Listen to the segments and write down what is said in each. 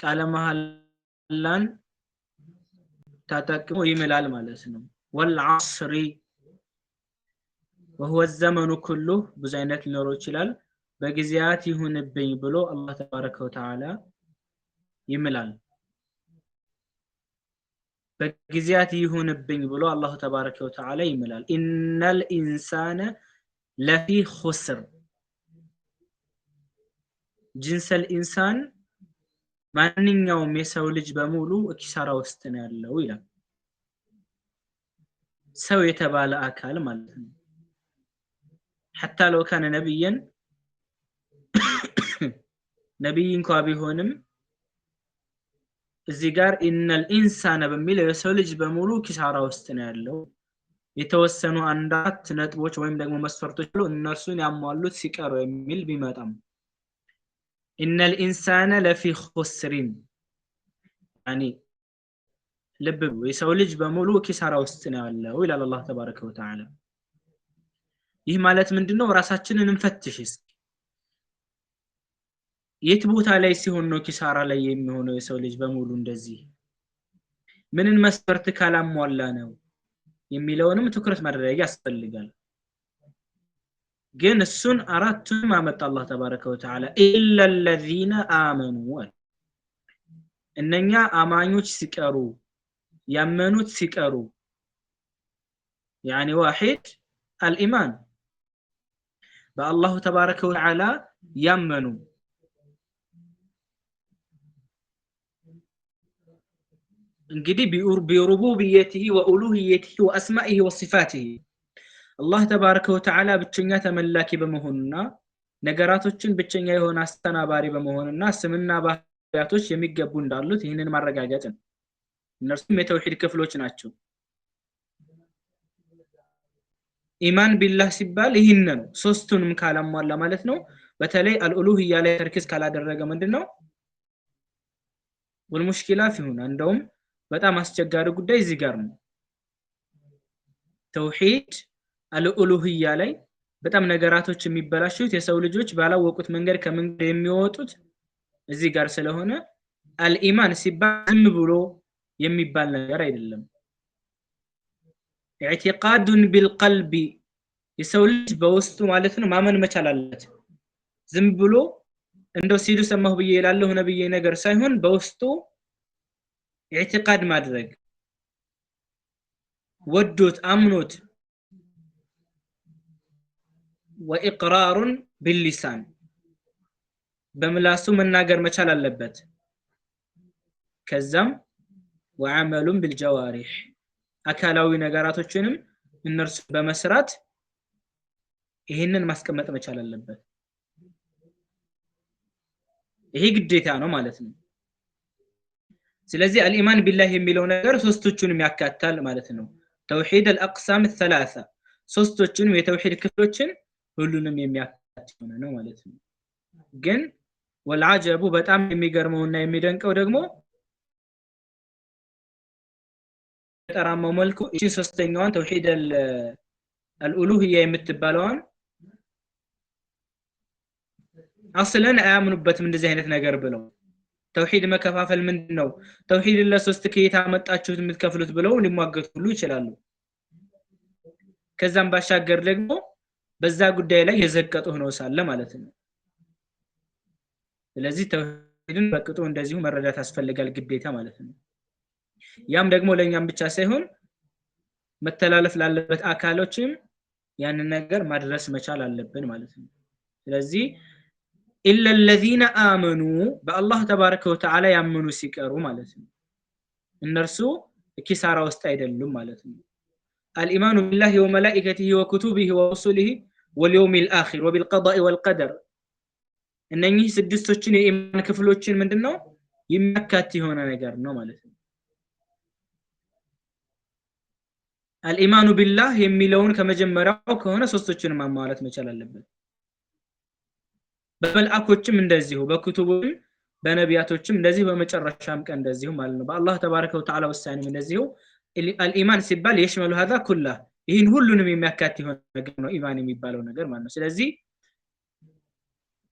ቃለ መሐላን ተጠቅሞ ይምላል ማለት ነው። ወልዓስሪ ወሁወ ዘመኑ ኩሉ ብዙ አይነት ሊኖረው ይችላል። በጊዜያት ይሁንብኝ ብሎ አላህ ተባረከ ወተዓላ ይምላል። በጊዜያት ይሁንብኝ ብሎ አላሁ ተባረከ ወተዓላ ይምላል። ኢነል ኢንሳነ ለፊ ኹስር ጅንሰል ኢንሳን ማንኛውም የሰው ልጅ በሙሉ ኪሳራ ውስጥ ነው ያለው ይላል። ሰው የተባለ አካል ማለት ነው። ሐታ ለው ካነ ነቢየን ነቢይ እንኳ ቢሆንም እዚህ ጋር ኢነል ኢንሳነ በሚለው የሰው ልጅ በሙሉ ኪሳራ ውስጥ ነው ያለው። የተወሰኑ አንዳት ነጥቦች ወይም ደግሞ መስፈርቶች አሉ። እነርሱን ያሟሉት ሲቀሩ የሚል ቢመጣም ኢነል ኢንሳነ ለፊ ኹስሪን ያኒ ልብ የሰው ልጅ በሙሉ ኪሳራ ውስጥ ነው ያለው ይላል አላህ ተባረከ ይህ ማለት ምንድነው ነው? ራሳችንን እንፈትሽ እስኪ። የት ቦታ ላይ ሲሆን ነው ኪሳራ ላይ የሚሆነው የሰው ልጅ በሙሉ እንደዚህ? ምንን መስፈርት ካላሟላ ነው የሚለውንም ትኩረት ማድረግ ያስፈልጋል። ግን እሱን አራቱም አመጣ አላህ ተባረከ ወተዓላ ኢላ ለዚነ አመኑ እነኛ አማኞች ሲቀሩ ያመኑት ሲቀሩ ያኒ ዋሂድ አልኢማን በአላሁ ተባረከ ወተዓላ ያመኑ እንግዲህ ቢሩቡብየትህ ወኡሉህየትህ ወአስማኢህ ወሲፋትህ አላህ ተባረከ ወተዓላ ብቸኛ ተመላኪ በመሆኑና ነገራቶችን ብቸኛ የሆነ አስተናባሪ በመሆንና ስምና ባህሪያቶች የሚገቡ እንዳሉት ይህንን ማረጋገጥ ነው። እነርሱም የተውሂድ ክፍሎች ናቸው። ኢማን ቢላህ ሲባል ይህን ነው። ሶስቱንም ካላሟላ ማለት ነው። በተለይ አልኡሉህያ ላይ ተርኪዝ ካላደረገ ምንድን ነው ወልሙሽኪላ ፊሁና፣ እንደውም በጣም አስቸጋሪ ጉዳይ እዚህ ጋር ነው ተውሂድ አልኡሉህያ ላይ በጣም ነገራቶች የሚበላሹት የሰው ልጆች ባላወቁት መንገድ ከመንገድ የሚወጡት እዚህ ጋር ስለሆነ አልኢማን ሲባል ዝም ብሎ የሚባል ነገር አይደለም። ኢዕቲቃዱን ቢልቀልቢ የሰው ልጅ በውስጡ ማለት ነው ማመን መቻል አለት። ዝም ብሎ እንደው ሲሉ ሰማሁ ብዬ እላለሁ ሆነ ብዬ ነገር ሳይሆን በውስጡ ኢዕቲቃድ ማድረግ ወዶት አምኖት ወኢቅራሩን ቢሊሳን በምላሱ መናገር መቻል አለበት። ከዛም ወአመሉን ቢልጀዋሪሕ አካላዊ ነገራቶችንም እነርሱ በመስራት ይህንን ማስቀመጥ መቻል አለበት። ይሄ ግዴታ ነው ማለት ነው። ስለዚህ አልኢማን ቢላህ የሚለው ነገር ሶስቶቹንም ያካታል ማለት ነው። ተውሂድ አልአቅሳም ሰላሳ ሶስቶቹንም የተውሂድ ክፍሎችን ሁሉንም የሚያካትት የሆነ ነው ማለት ነው። ግን ወልዓጀቡ በጣም የሚገርመው እና የሚደንቀው ደግሞ ጠራማው መልኩ እቺ ሶስተኛዋን ተውሂድ አልኡሉህያ የምትባለዋን አስለን አያምኑበትም እንደዚህ አይነት ነገር ብለው ተውሂድ መከፋፈል ምንድን ነው? ተውሂድን ለሶስት ከየት አመጣችሁት የምትከፍሉት ብለው ሊሟገቱ ሁሉ ይችላሉ። ከዛም ባሻገር ደግሞ በዛ ጉዳይ ላይ የዘቀጡ ሆኖ ሳለ ማለት ነው። ስለዚህ ተውሂድን በቅጡ እንደዚሁ መረዳት ያስፈልጋል ግዴታ ማለት ነው። ያም ደግሞ ለእኛም ብቻ ሳይሆን መተላለፍ ላለበት አካሎችም ያንን ነገር ማድረስ መቻል አለብን ማለት ነው። ስለዚህ ኢለ ለዚነ አመኑ በአላህ ተባረከ ወተዓላ ያመኑ ሲቀሩ ማለት ነው። እነርሱ ኪሳራ ውስጥ አይደሉም ማለት ነው። አልኢማኑ ቢላሂ ወመላኢከቲሂ ወኩቱቢሂ ወሩሱሊሂ ወልየውሚል አኺር ወቢልቀዳኢ ወልቀደር እነኚህ ስድስቶችን የኢማን ክፍሎችን ምንድነው የሚያካት የሆነ ነገር ነው ማለት ነው። አልኢማኑ ቢላህ የሚለውን ከመጀመሪያው ከሆነ ሶስቶችን ማሟላት መቻል አለብን። በመልአኮችም እንደዚሁ በክቱብም በነቢያቶችም እንደዚሁ በመጨረሻም ቀን እንደዚሁ ማለት ነው። በአላህ ተባረከ ወተዓላ ውሳኔም እንደዚሁ አልኢማን ሲባል የሽመሉ ሀዛ ኩላ ይህን ሁሉንም የሚያካት የሆነ ነገር ነው ኢማን የሚባለው ነገር ማለት ነው ስለዚህ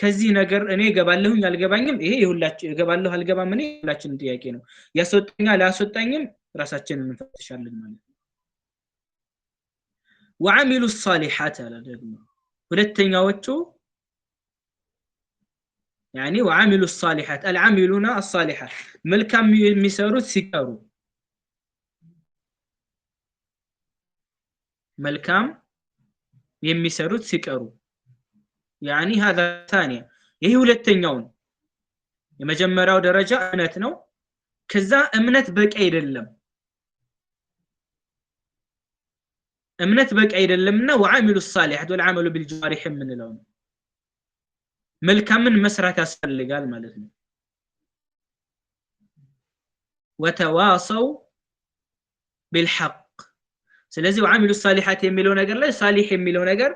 ከዚህ ነገር እኔ ገባለሁ አልገባኝም ይሄ የሁላችን እገባለሁ አልገባም እኔ የሁላችንም ጥያቄ ነው ያስወጣኛል አያስወጣኝም ራሳችን እንፈትሻለን ማለት ነው ወአሚሉ ሳሊሓት አለ ደግሞ ሁለተኛዎቹ ያኒ ወአሚሉ ሳሊሓት አልዓሚሉና አሳሊሓት መልካም የሚሰሩት ሲቀሩ መልካም የሚሰሩት ሲቀሩ ያኒ ሀዛ ታኒያ ይህ ሁለተኛውን የመጀመሪያው ደረጃ እምነት ነው። ከዛ እምነት በቂ አይደለም እምነት በቂ አይደለምና ወዓሚሉ ሳሊሐት ወልዓመሉ ቢልጀዋሪሕ የምንለው ነው። መልካምን መስራት ያስፈልጋል ማለት ነው። ወተዋሰው ቢልሐቅ ስለዚህ ወአሚሉ ሳሊሃት የሚለው ነገር ላይ ሳሊሕ የሚለው ነገር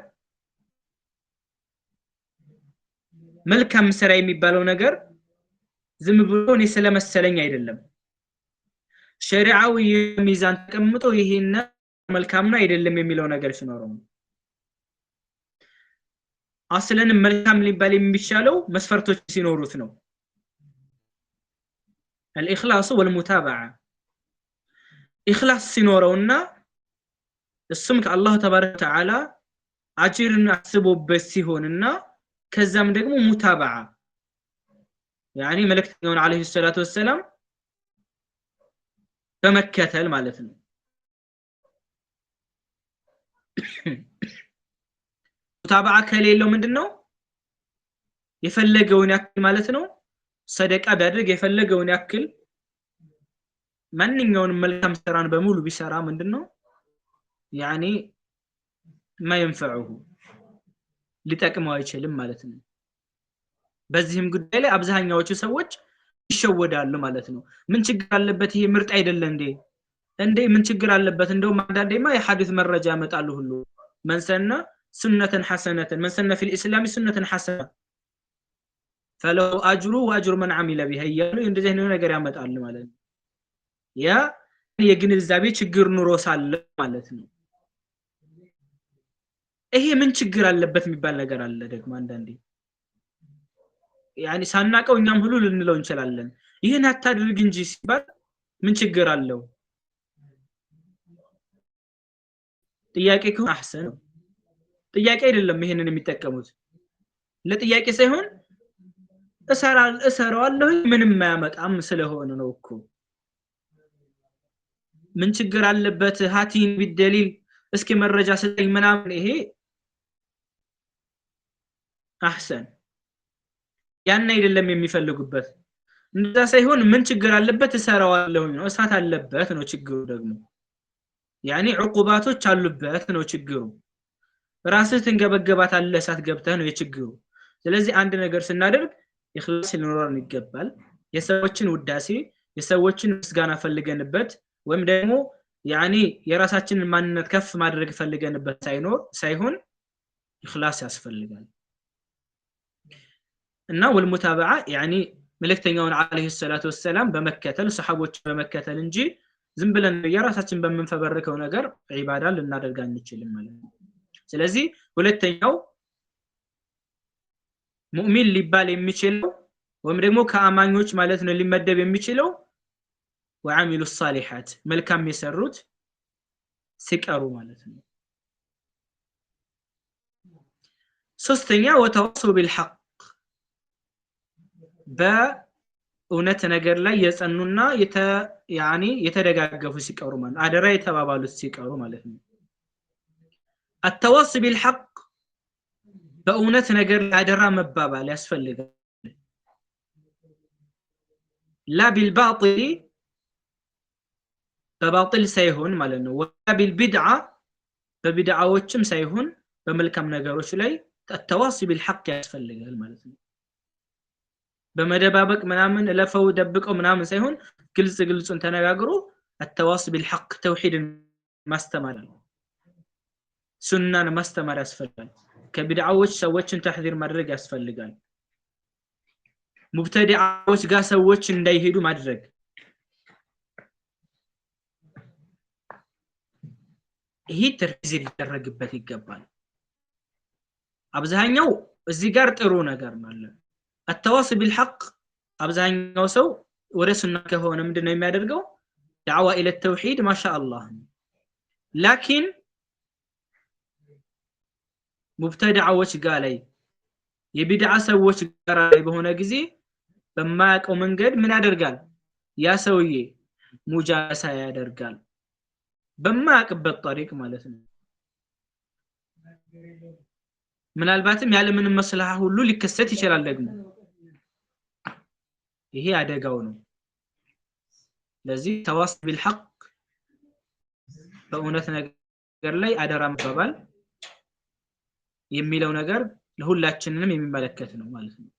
መልካም ስራ የሚባለው ነገር ዝም ብሎ እኔ ስለመሰለኝ አይደለም። ሸሪዓዊ ሚዛን ተቀምጦ ይሄን መልካም ነው አይደለም የሚለው ነገር ሲኖረው አስለንም መልካም ሊባል የሚቻለው መስፈርቶች ሲኖሩት ነው። አልኢኽላሱ ወልሙታበዓ ኢኽላስ ሲኖረውና እሱም ከአላህ ተባረከ ተዓላ አጅርን አስቦበት ሲሆንና ከዛም ደግሞ ሙታበዓ ያኒ መልእክተኛውን አለይሂ ሰላቱ ወሰላም በመከተል ማለት ነው። ሙታባዓ ከሌለው ምንድን ነው? የፈለገውን ያክል ማለት ነው ሰደቃ ቢያደርግ የፈለገውን ያክል ማንኛውንም መልካም ስራን በሙሉ ቢሰራ ምንድን ነው ያኔ ማየንፈዑሁ ሊጠቅመው አይችልም ማለት ነው። በዚህም ጉዳይ ላይ አብዛኛዎቹ ሰዎች ይሸወዳሉ ማለት ነው። ምን ችግር አለበት? ይሄ ምርጥ አይደለ እንዴ? እንዴ ምን ችግር አለበት? እንደውም አንዳንዴማ የሐዲስ መረጃ ያመጣሉ ሁሉ መንሰና ሱነተን ሐሰነተን መንሰና ፊል ኢስላሚ ሱነተን ሐሰና ፈለው አጅሩ ወአጅሩ መን አሚለ ቢሃ እያሉ እንደዚህ አይነት ነገር ያመጣሉ ማለት ነው። ያ የግንዛቤ ችግር ኑሮ ሳለ ማለት ነው። ይሄ ምን ችግር አለበት የሚባል ነገር አለ ደግሞ አንዳንዴ ያኔ ሳናቀው እኛም ሁሉ ልንለው እንችላለን ይህን አታድርግ እንጂ ሲባል ምን ችግር አለው ጥያቄ ከሆነ አህሰን ነው ጥያቄ አይደለም ይሄንን የሚጠቀሙት ለጥያቄ ሳይሆን እሰራዋለሁ ምንም አያመጣም ስለሆነ ነው እኮ ምን ችግር አለበት ሀቲን ቢደሊል እስኪ መረጃ ስጠኝ ምናምን ይሄ አህሰን ያን አይደለም የሚፈልጉበት። እንደዛ ሳይሆን ምን ችግር አለበት እሰራዋለሁኝ ነው። እሳት አለበት ነው ችግሩ። ደግሞ ያኔ ዕቁባቶች አሉበት ነው ችግሩ። ራስህ ትንገበገባታለህ እሳት ገብተህ ነው የችግሩ። ስለዚህ አንድ ነገር ስናደርግ ኢኽላስ ሊኖረን ይገባል። የሰዎችን ውዳሴ የሰዎችን ምስጋና ፈልገንበት ወይም ደግሞ ያኔ የራሳችንን ማንነት ከፍ ማድረግ ፈልገንበት ሳይኖር ሳይሆን ኢኽላስ ያስፈልጋል። እና ወልሙታበዓ ያኒ መልእክተኛውን አለይሂ ሰላቱ ወሰላም በመከተል ሰሐቦች በመከተል እንጂ ዝም ብለን የራሳችን በምንፈበርከው ነገር ዒባዳ ልናደርግ አንችልም ማለት ነው። ስለዚህ ሁለተኛው ሙእሚን ሊባል የሚችለው ወይም ደግሞ ከአማኞች ማለት ነው ሊመደብ የሚችለው ወአሚሉ ሳሊሓት መልካም የሰሩት ሲቀሩ ማለት ነው። ሶስተኛ ወተዋሰው ቢልሐቅ በእውነት ነገር ላይ የጸኑና ያኔ የተደጋገፉ ሲቀሩ ማለት አደራ የተባባሉት ሲቀሩ ማለት ነው። አተዋስ ቢልሐቅ በእውነት ነገር ላይ አደራ መባባል ያስፈልጋል። ላ ቢልባጢል በባጢል ሳይሆን ማለት ነው። ወላ ቢልቢድዓ በቢድዓዎችም ሳይሆን በመልካም ነገሮች ላይ አተዋስ ቢልሐቅ ያስፈልጋል ማለት ነው። በመደባበቅ ምናምን ለፈው ደብቀው ምናምን ሳይሆን ግልጽ ግልጹን ተነጋግሮ አተዋስ ቢልሐቅ ተውሂድን ማስተማር ነው። ሱናን ማስተማር ያስፈልጋል። ከቢድዓዎች ሰዎችን ተሕዚር ማድረግ ያስፈልጋል። ሙብተዲዓዎች ጋር ሰዎች እንዳይሄዱ ማድረግ ይህ ተርዚር ይደረግበት ይገባል። አብዛኛው እዚህ ጋር ጥሩ ነገር ማለት አተዋስ ቢልሐቅ አብዛኛው ሰው ወደ ሱና ከሆነ ምንድን ነው የሚያደርገው? ዳዕዋ ኢለ ተውሒድ ማሻ አላህ። ላኪን ሙብተድዓዎች ጋር ላይ የቢድዓ ሰዎች ጋር ላይ በሆነ ጊዜ በማያውቀው መንገድ ምን ያደርጋል? ያ ሰውዬ ሙጃሳ ያደርጋል። በማያውቅበት ጠሪቅ ማለት ነው። ምናልባትም ያለምንም መስልሃ ሁሉ ሊከሰት ይችላል ደግሞ ይሄ አደጋው ነው። ለዚህ ተዋስ ቢልሐቅ በእውነት ነገር ላይ አደራ መባባል የሚለው ነገር ለሁላችንንም የሚመለከት ነው ማለት ነው።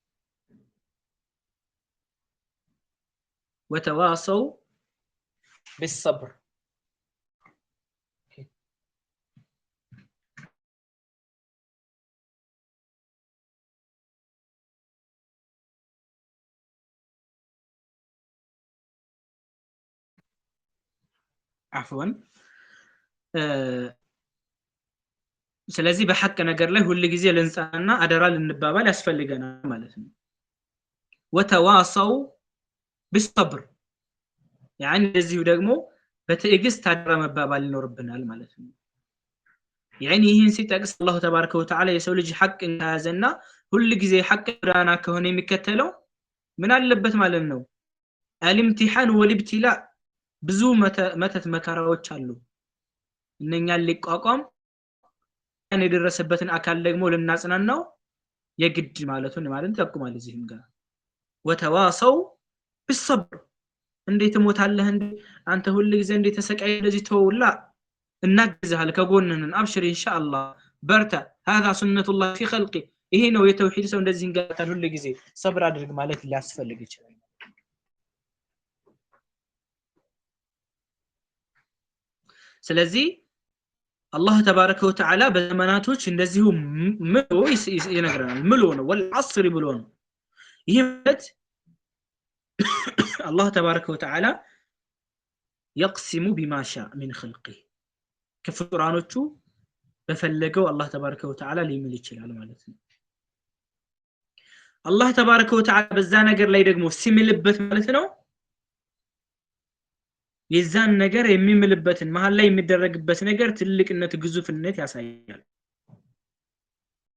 ወተዋሰው ቢሰብር አፍወን ስለዚህ በሐቅ ነገር ላይ ሁል ጊዜ ልንጻና አደራ ልንባባል ያስፈልገናል ማለት ነው። ወተዋሰው ቢሰብር ያኒ እንደዚሁ ደግሞ በትዕግስት አደራ መባባል ይኖርብናል ማለት ነው። ያኒ ይህን ሲጠቅስ አላሁ ተባረከ ወተዓላ የሰው ልጅ ሐቅን ከያዘና ሁል ጊዜ ሐቅ ጎዳና ከሆነ የሚከተለው ምን አለበት ማለት ነው አልምቲሐን ወልብትላ ብዙ መተት መከራዎች አሉ። እነኛን ሊቋቋም ያን የደረሰበትን አካል ደግሞ ልናጽናናው የግድ ማለቱን ማለት ይጠቁማል። እዚህም ጋር ወተዋሰው ብሰብር እንዴት ትሞታለህ እንዴ አንተ ሁል ጊዜ እንዴት ተሰቃይ እንደዚህ ተውላ እናግዝሃል ከጎንህን አብሽር ኢንሻአላህ በርታ ሀዛ ሱነቱላህ ፊ ኸልቂ ይሄ ነው የተውሂድ ሰው እንደዚህ እንጋታል ሁል ጊዜ ሰብር አድርግ ማለት ሊያስፈልግ ይችላል ስለዚህ አላህ ተባረከ ወተዓላ በዘመናቶች እንደዚሁ ምሎ ይነግረናል። ምሎ ነው ወልዐስሪ ብሎ ነው። ይህ ማለት አላህ ተባረከ ወተዓላ የቅሲሙ ቢማሻ ሚን ኸልቂ ከፍጡራኖቹ በፈለገው አላህ ተባረከ ወተዓላ ሊምል ይችላል ማለት ነው። አላህ ተባረከ ወተዓላ በዛ ነገር ላይ ደግሞ ሲምልበት ማለት ነው የዛን ነገር የሚምልበትን መሀል ላይ የሚደረግበት ነገር ትልቅነት ግዙፍነት ያሳያል